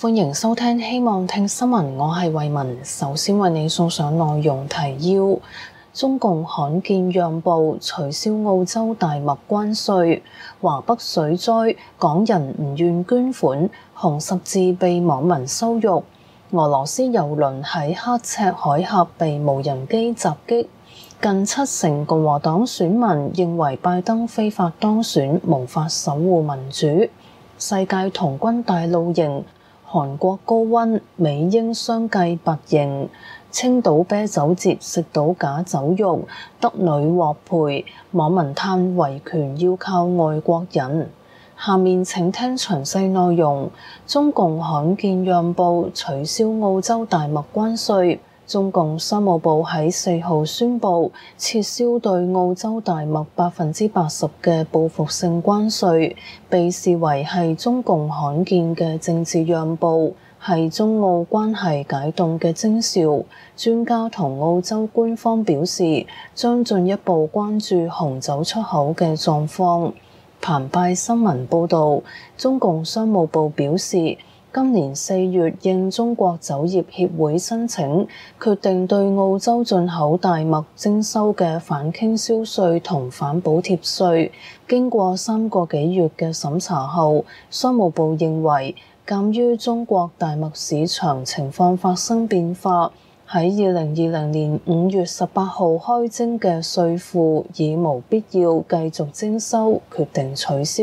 歡迎收聽希望聽新聞，我係慧雯。首先為你送上內容提要：中共罕見讓步，取消澳洲大麥關稅；華北水災，港人唔願捐款；紅十字被網民羞辱；俄羅斯油輪喺刻赤海峽被無人機襲擊；近七成共和黨選民認為拜登非法當選，無法守護民主；世界童軍大露營。韓國高溫，美英相繼拔營；青島啤酒節食到假酒肉，德女獲賠。網民嘆維權要靠外國人。下面請聽詳細內容：中共罕見讓步，取消澳洲大麥關稅。中共商務部喺四號宣布撤銷對澳洲大麥百分之八十嘅報復性關稅，被視為係中共罕見嘅政治讓步，係中澳關係解凍嘅徵兆。專家同澳洲官方表示，將進一步關注紅酒出口嘅狀況，澎湃新聞報道中共商務部表示。今年四月，應中國酒業協會申請，決定對澳洲進口大麥徵收嘅反傾銷稅同反補貼稅，經過三個幾月嘅審查後，商務部認為鑒於中國大麥市場情況發生變化，喺二零二零年五月十八號開徵嘅稅負已無必要繼續徵收，決定取消。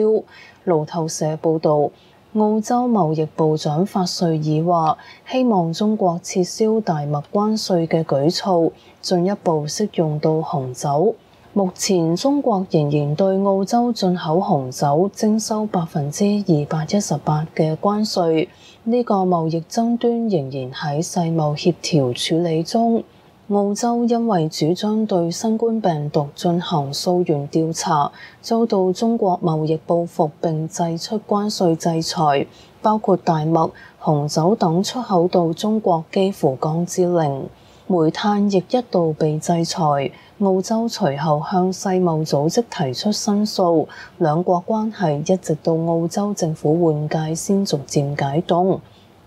路透社報道。澳洲貿易部長法瑞爾話：希望中國撤銷大麥關稅嘅舉措，進一步適用到紅酒。目前中國仍然對澳洲進口紅酒徵收百分之二百一十八嘅關稅，呢個貿易爭端仍然喺世貿協調處理中。澳洲因為主張對新冠病毒進行溯源調查，遭到中國貿易報復並祭出關稅制裁，包括大麥、紅酒等出口到中國幾乎降至零。煤炭亦一度被制裁，澳洲隨後向世貿組織提出申訴，兩國關係一直到澳洲政府換屆先逐漸解凍。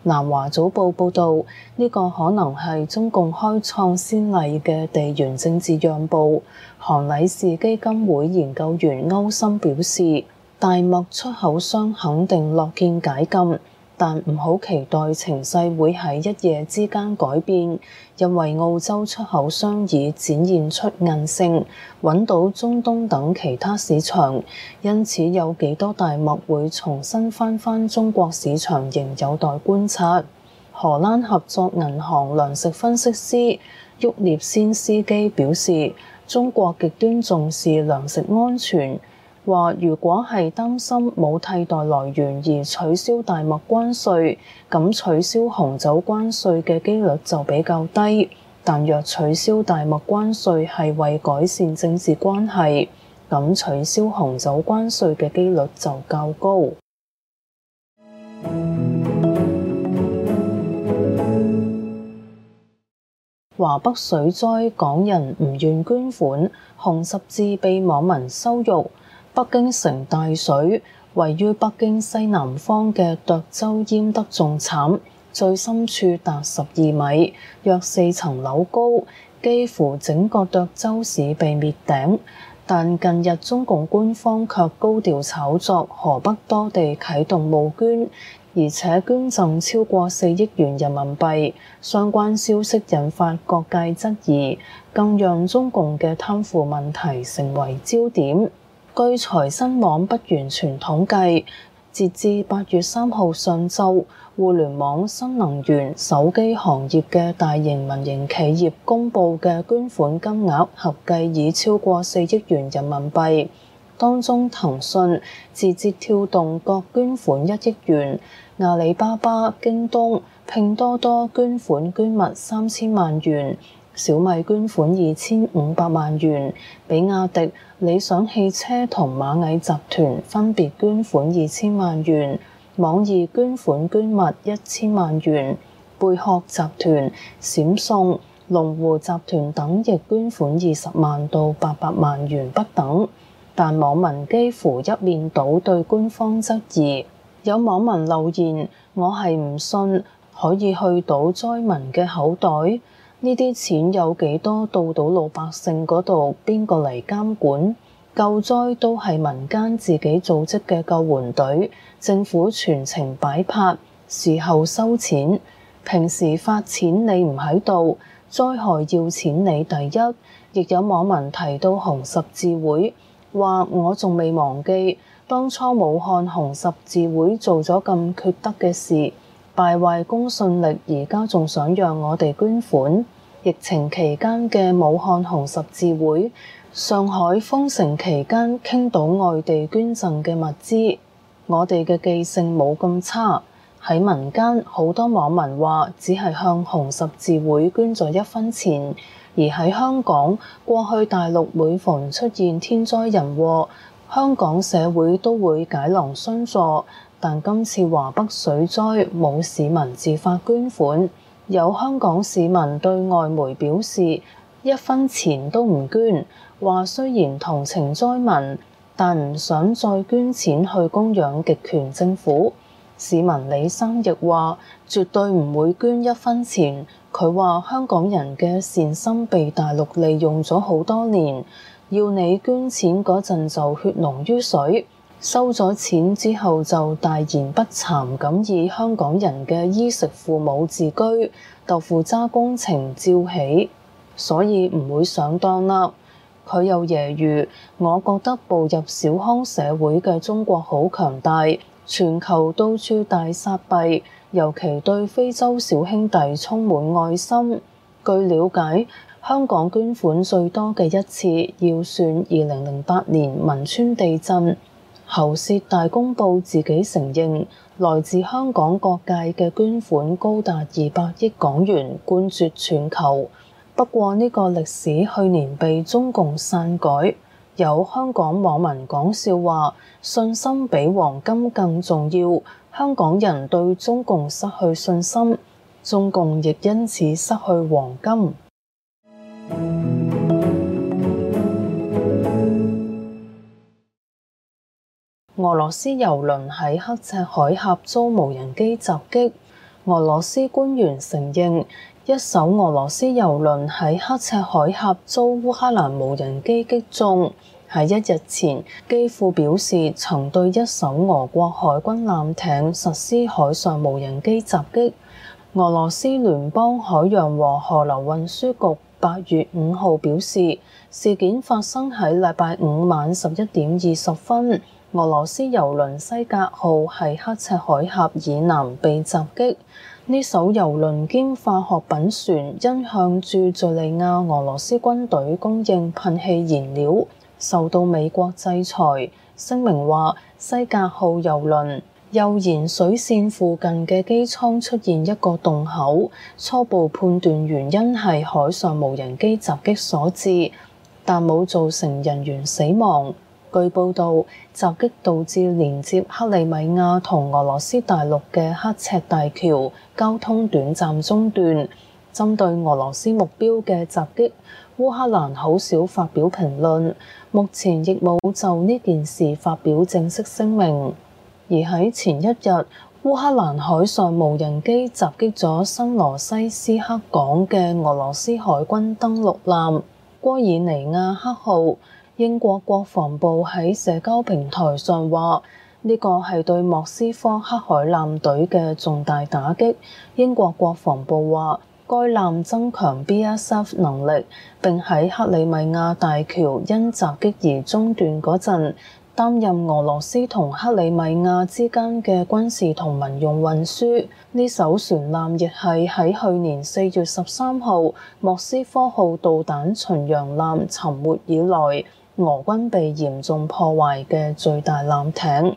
南華早報報導，呢、這個可能係中共開創先例嘅地緣政治讓步。韓禮士基金會研究員歐森表示，大麥出口商肯定樂見解禁。但唔好期待情勢會喺一夜之間改變，因為澳洲出口商已展現出韌性，揾到中東等其他市場，因此有幾多大麥會重新翻返中國市場，仍有待觀察。荷蘭合作銀行糧食分析師沃列先斯基表示，中國極端重視糧食安全。話如果係擔心冇替代來源而取消大麥關稅，咁取消紅酒關稅嘅機率就比較低。但若取消大麥關稅係為改善政治關係，咁取消紅酒關稅嘅機率就較高。華北水災，港人唔願捐款，紅十字被網民羞辱。北京城大水，位於北京西南方嘅涿州淹得仲慘，最深處達十二米，約四層樓高，幾乎整個涿州市被滅頂。但近日中共官方卻高調炒作河北多地啟動募捐，而且捐贈超過四億元人民幣，相關消息引發各界質疑，更讓中共嘅貪腐問題成為焦點。據財新網不完全統計，截至八月三號上晝，互聯網、新能源、手機行業嘅大型民營企業公佈嘅捐款金額合計已超過四億元人民幣。當中騰訊，騰訊、字節跳動各捐款一億元，阿里巴巴、京東、拼多多捐款捐物三千萬元，小米捐款二千五百萬元，比亞迪，理想汽車同螞蟻集團分別捐款二千萬元，網易捐款捐物一千萬元，貝殼集團、閃送、龍湖集團等亦捐款二十萬到八百萬元不等，但網民幾乎一面倒對官方質疑，有網民留言：我係唔信可以去到災民嘅口袋。呢啲錢有幾多到到老百姓嗰度？邊個嚟監管？救災都係民間自己組織嘅救援隊，政府全程擺拍，事後收錢，平時發錢你唔喺度，災害要錢你第一。亦有網民提到紅十字會，話我仲未忘記當初武漢紅十字會做咗咁缺德嘅事。敗壞公信力，而家仲想讓我哋捐款？疫情期間嘅武漢紅十字會，上海封城期間傾倒外地捐贈嘅物資，我哋嘅記性冇咁差。喺民間，好多網民話只係向紅十字會捐咗一分錢。而喺香港，過去大陸每逢出現天災人禍，香港社會都會解囊相助，但今次華北水災冇市民自發捐款。有香港市民對外媒表示，一分錢都唔捐，話雖然同情災民，但唔想再捐錢去供養極權政府。市民李生亦話，絕對唔會捐一分錢。佢話香港人嘅善心被大陸利用咗好多年。要你捐錢嗰陣就血濃於水，收咗錢之後就大言不慚咁以香港人嘅衣食父母自居，豆腐渣工程照起，所以唔會上當啦。佢又揶揄，我覺得步入小康社會嘅中國好強大，全球到處大撒幣，尤其對非洲小兄弟充滿愛心。據了解，香港捐款最多嘅一次，要算二零零八年汶川地震，喉舌大公報自己承認來自香港各界嘅捐款高達二百億港元，冠絕全球。不過呢個歷史去年被中共篡改，有香港網民講笑話，信心比黃金更重要。香港人對中共失去信心，中共亦因此失去黃金。俄羅斯油輪喺刻赤海峽遭無人機襲擊。俄羅斯官員承認，一艘俄羅斯油輪喺刻赤海峽遭烏克蘭無人機擊中。喺一日前，基輔表示曾對一艘俄國海軍艦艇實施海上無人機襲擊。俄羅斯聯邦海洋和河流運輸局八月五號表示，事件發生喺禮拜五晚十一點二十分。俄羅斯油輪西格號喺刻赤海峽以南被襲擊，呢艘油輪兼化學品船因向駐敍利亞俄羅斯軍隊供應噴氣燃料，受到美國制裁。聲明話，西格號油輪右舷水線附近嘅機艙出現一個洞口，初步判斷原因係海上無人機襲擊所致，但冇造成人員死亡。據報道，襲擊導致連接克里米亞同俄羅斯大陸嘅刻赤大橋交通短暫中斷。針對俄羅斯目標嘅襲擊，烏克蘭好少發表評論，目前亦冇就呢件事發表正式聲明。而喺前一日，烏克蘭海上無人機襲擊咗新羅西斯克港嘅俄羅斯海軍登陸艦戈爾尼亞克號。英國國防部喺社交平台上話：呢個係對莫斯科黑海艦隊嘅重大打擊。英國國防部話，該艦增強 BSF 能力，並喺克里米亞大橋因襲擊而中斷嗰陣，擔任俄羅斯同克里米亞之間嘅軍事同民用運輸。呢艘船艦亦係喺去年四月十三號莫斯科號導彈巡洋艦沉沒以來，俄軍被嚴重破壞嘅最大艦艇。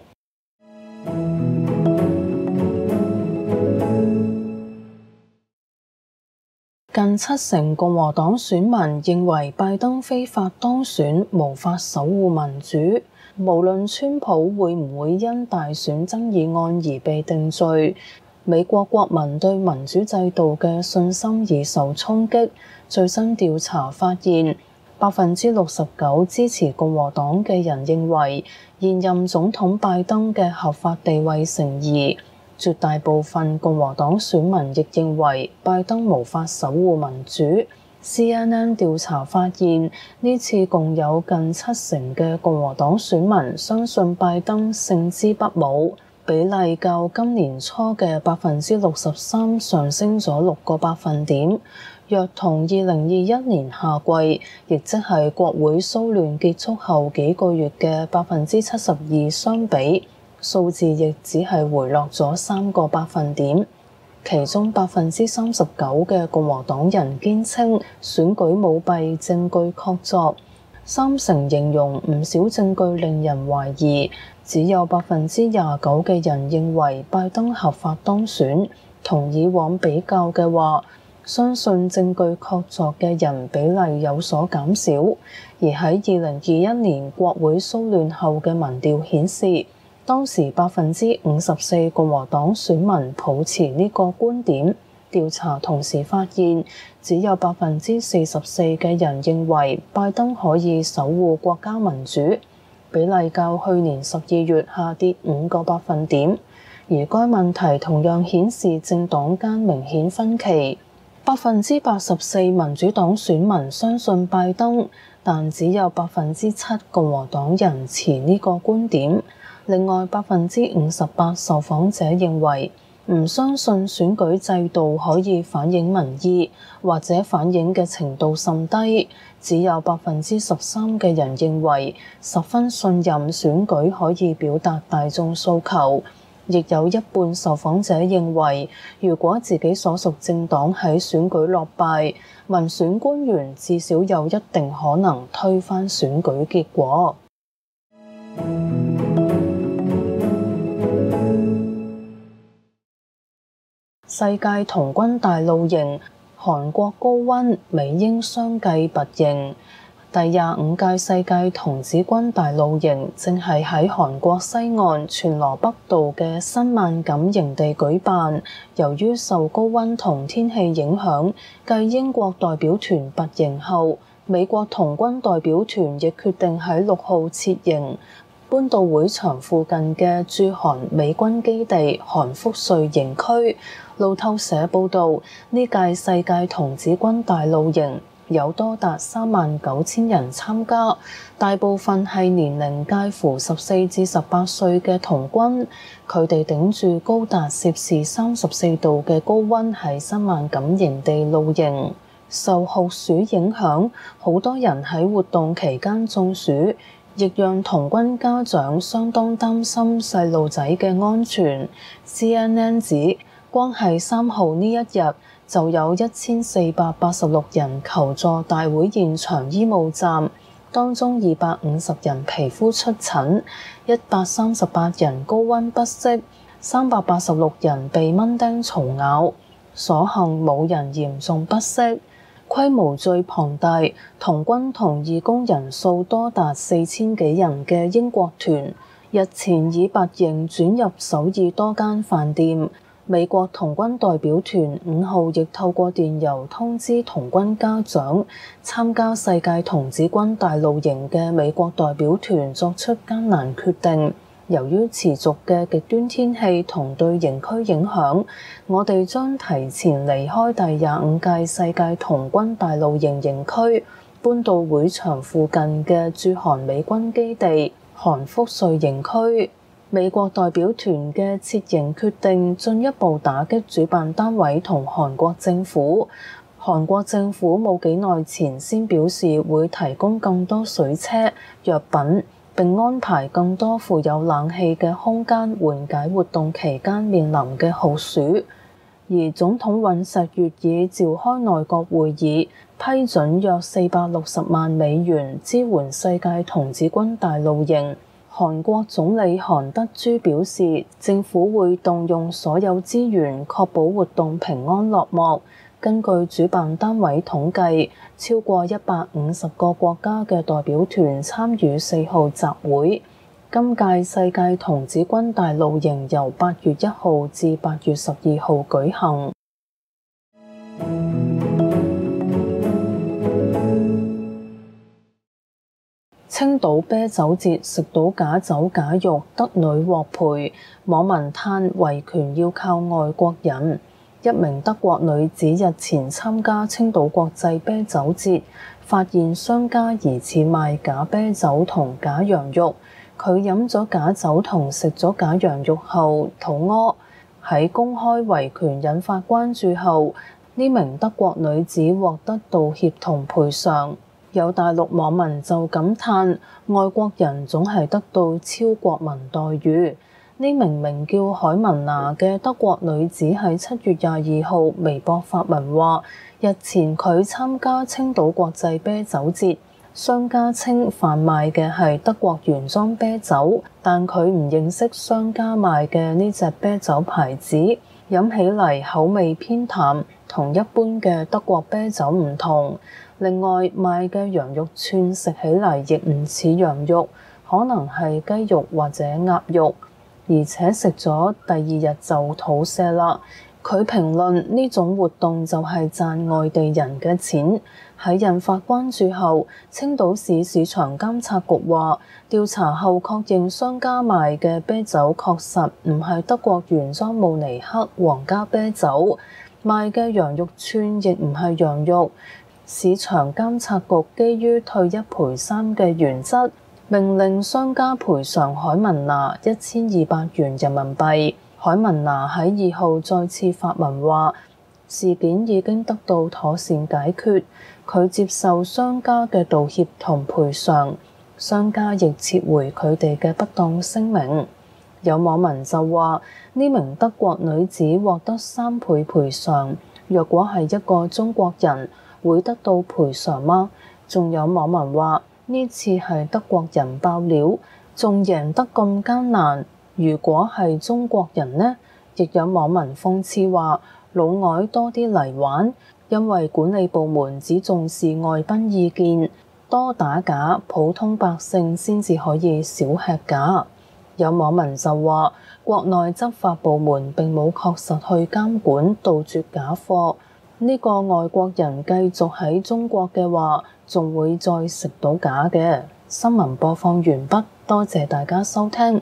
近七成共和黨選民認為拜登非法當選，無法守護民主。無論川普會唔會因大選爭議案而被定罪，美國國民對民主制度嘅信心已受衝擊。最新調查發現：百分之六十九支持共和黨嘅人認為現任總統拜登嘅合法地位成疑，絕大部分共和黨選民亦認為拜登無法守護民主。CNN 調查發現，呢次共有近七成嘅共和黨選民相信拜登勝之不武，比例較今年初嘅百分之六十三上升咗六個百分點。若同二零二一年夏季，亦即係國會騷亂結束後幾個月嘅百分之七十二相比，數字亦只係回落咗三個百分點。其中百分之三十九嘅共和黨人堅稱選舉舞弊，證據確鑿；三成形容唔少證據令人懷疑，只有百分之廿九嘅人認為拜登合法當選。同以往比較嘅話，相信證據確鑿嘅人比例有所減少，而喺二零二一年國會騷亂後嘅民調顯示，當時百分之五十四共和黨選民抱持呢個觀點。調查同時發現，只有百分之四十四嘅人認為拜登可以守護國家民主，比例較去年十二月下跌五個百分點，而該問題同樣顯示政黨間明顯分歧。百分之八十四民主黨選民相信拜登，但只有百分之七共和黨人持呢個觀點。另外，百分之五十八受訪者認為唔相信選舉制度可以反映民意，或者反映嘅程度甚低。只有百分之十三嘅人認為十分信任選舉可以表達大眾訴求。亦有一半受訪者認為，如果自己所屬政黨喺選舉落敗，民選官員至少有一定可能推翻選舉結果。世界童軍大露營，韓國高溫，美英相繼拔營。第廿五屆世界童子軍大露營正係喺韓國西岸全羅北道嘅新萬錦營地舉辦。由於受高温同天氣影響，繼英國代表團拔營後，美國童軍代表團亦決定喺六號撤營，搬到會場附近嘅駐韓美軍基地韓福瑞營區。路透社報導，呢屆世界童子軍大露營。有多達三萬九千人參加，大部分係年齡介乎十四至十八歲嘅童軍，佢哋頂住高達攝氏三十四度嘅高溫喺新萬金營地露營。受酷暑影，影響，好多人喺活動期間中暑，亦讓童軍家長相當擔心細路仔嘅安全。CNN 指，光係三號呢一日。就有一千四百八十六人求助大會現場醫務站，當中二百五十人皮膚出疹，一百三十八人高温不適，三百八十六人被蚊叮蟲咬，所幸冇人嚴重不適。規模最龐大、童軍同義工人數多達四千幾人嘅英國團，日前以拔營轉入首爾多間飯店。美國童軍代表團五號亦透過電郵通知童軍家長，參加世界童子軍大露營嘅美國代表團作出艱難決定，由於持續嘅極端天氣同對營區影響，我哋將提前離開第廿五屆世界童軍大露營營區，搬到會場附近嘅駐韓美軍基地韓福瑞營區。美國代表團嘅撤營決定進一步打擊主辦單位同韓國政府。韓國政府冇幾耐前先表示會提供更多水車、藥品，並安排更多附有冷氣嘅空間緩解活動期間面臨嘅酷暑。而總統尹錫悅已召開內閣會議，批准約四百六十萬美元支援世界童子軍大露營。韓國總理韓德珠表示，政府會動用所有資源，確保活動平安落幕。根據主辦單位統計，超過一百五十個國家嘅代表團參與四號集會。今屆世界童子軍大露營由八月一號至八月十二號舉行。青島啤酒節食到假酒假肉，德女獲賠。網民嘆維權要靠外國人。一名德國女子日前參加青島國際啤酒節，發現商家疑似賣假啤酒同假羊肉，佢飲咗假酒同食咗假羊肉後肚屙。喺公開維權引發關注後，呢名德國女子獲得道歉同賠償。有大陸網民就感嘆，外國人總係得到超國民待遇。呢名名叫海文娜嘅德國女子喺七月廿二號微博發文話：日前佢參加青島國際啤酒節，商家稱販賣嘅係德國原裝啤酒，但佢唔認識商家賣嘅呢隻啤酒牌子，飲起嚟口味偏淡。同一般嘅德國啤酒唔同，另外賣嘅羊肉串食起嚟亦唔似羊肉，可能係雞肉或者鴨肉，而且食咗第二日就肚瀉啦。佢評論呢種活動就係賺外地人嘅錢，喺引發關注後，青島市市場監察局話調查後確認商家賣嘅啤酒確實唔係德國原裝慕尼黑皇家啤酒。賣嘅羊肉串亦唔係羊肉，市場監察局基於退一賠三嘅原則，命令商家賠償海文娜一千二百元人民幣。海文娜喺二號再次發文話，事件已經得到妥善解決，佢接受商家嘅道歉同賠償，商家亦撤回佢哋嘅不當聲明。有網民就話。呢名德國女子獲得三倍賠償，若果係一個中國人，會得到賠償嗎？仲有網民話：呢次係德國人爆料，仲贏得咁艱難。如果係中國人呢？亦有網民諷刺話：老外多啲嚟玩，因為管理部門只重視外賓意見，多打假，普通百姓先至可以少吃假。有網民就話。國內執法部門並冇確實去監管杜絕假貨，呢個外國人繼續喺中國嘅話，仲會再食到假嘅。新聞播放完畢，多謝大家收聽。